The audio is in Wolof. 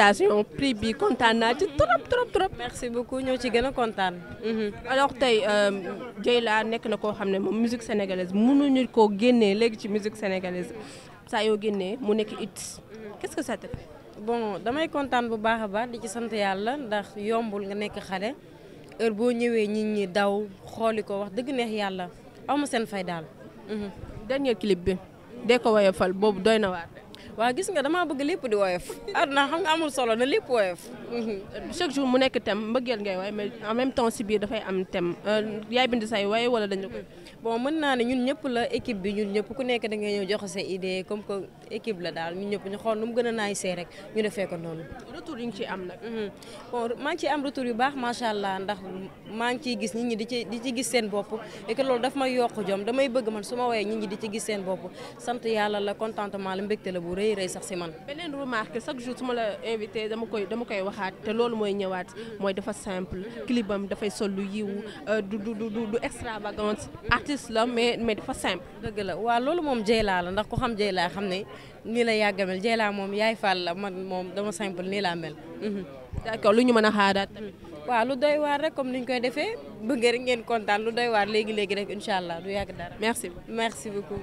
félicitations prix bi kontaan naa ci trop trop trop. merci beaucoup ñoo ci gën a kontaan. Mhm. alors tey Dieyla euh, nekk na koo xam ne moom musique sénégalaise mënuñu koo génnee léegi ci musique sénégalaise saa yoo génnee mu nekk it qu'est-ce que ça te bon damay kontaan bu baax a baax di ci sant yàlla ndax yombul nga nekk xale heure boo ñëwee nit ñi daw xooli ko wax dëgg neex yàlla aw seen fay daal. Mhm. dernier clip bi dee ko woyofal boobu doy na waar. waaw gis nga damaa bëgg lépp di woyof àdduna xam nga amul solo na lépp woyof. Euh, chaque jour mu nekk tem mbëggeel ngay waaye mais en même temps si biir dafay am tem euh, yaay bind say waaye wala dañu ko. bon mën naa ne ñun ñëpp la équipe bi ñun ñëpp ku nekk da ngay ñëw joxe sa idée comme que équipe daal ñun ñu xool mu gën a naay rek ñu noonu. retour yi nga ciy am nag. Mhm. bon maa ngi ciy am retour yu baax macha allah ndax maa ngi ciy gis nit ñi di ci di ci gis seen bopp et que loolu yokk jom bëgg man su ma woyee nit ñi di ci gis seen bopp sant yàlla la contentement la mbégte la bu rëy rëy rëy sax si man. beneen remarque chaque jour su ma la invité dama koy dama koy waxaat te loolu mooy ñëwaat mooy dafa simple clipam dafay sol lu yiw euh, du du du du extravagance artiste la mais mais dafa simple. dëgg la waaw loolu moom Dieyla la ndax ku xam Dieyla xam ne nii la yàgg a mel Dieyla moom yaay Fall la man moom dama simple nii laa mel. Mhm. d'accord lu ñu mën a xaaraat tamit. waaw lu doy waar rek comme ni ñu koy defee bëgg rek ngeen kontaan lu doy waar léegi léegi rek du yàgg dara.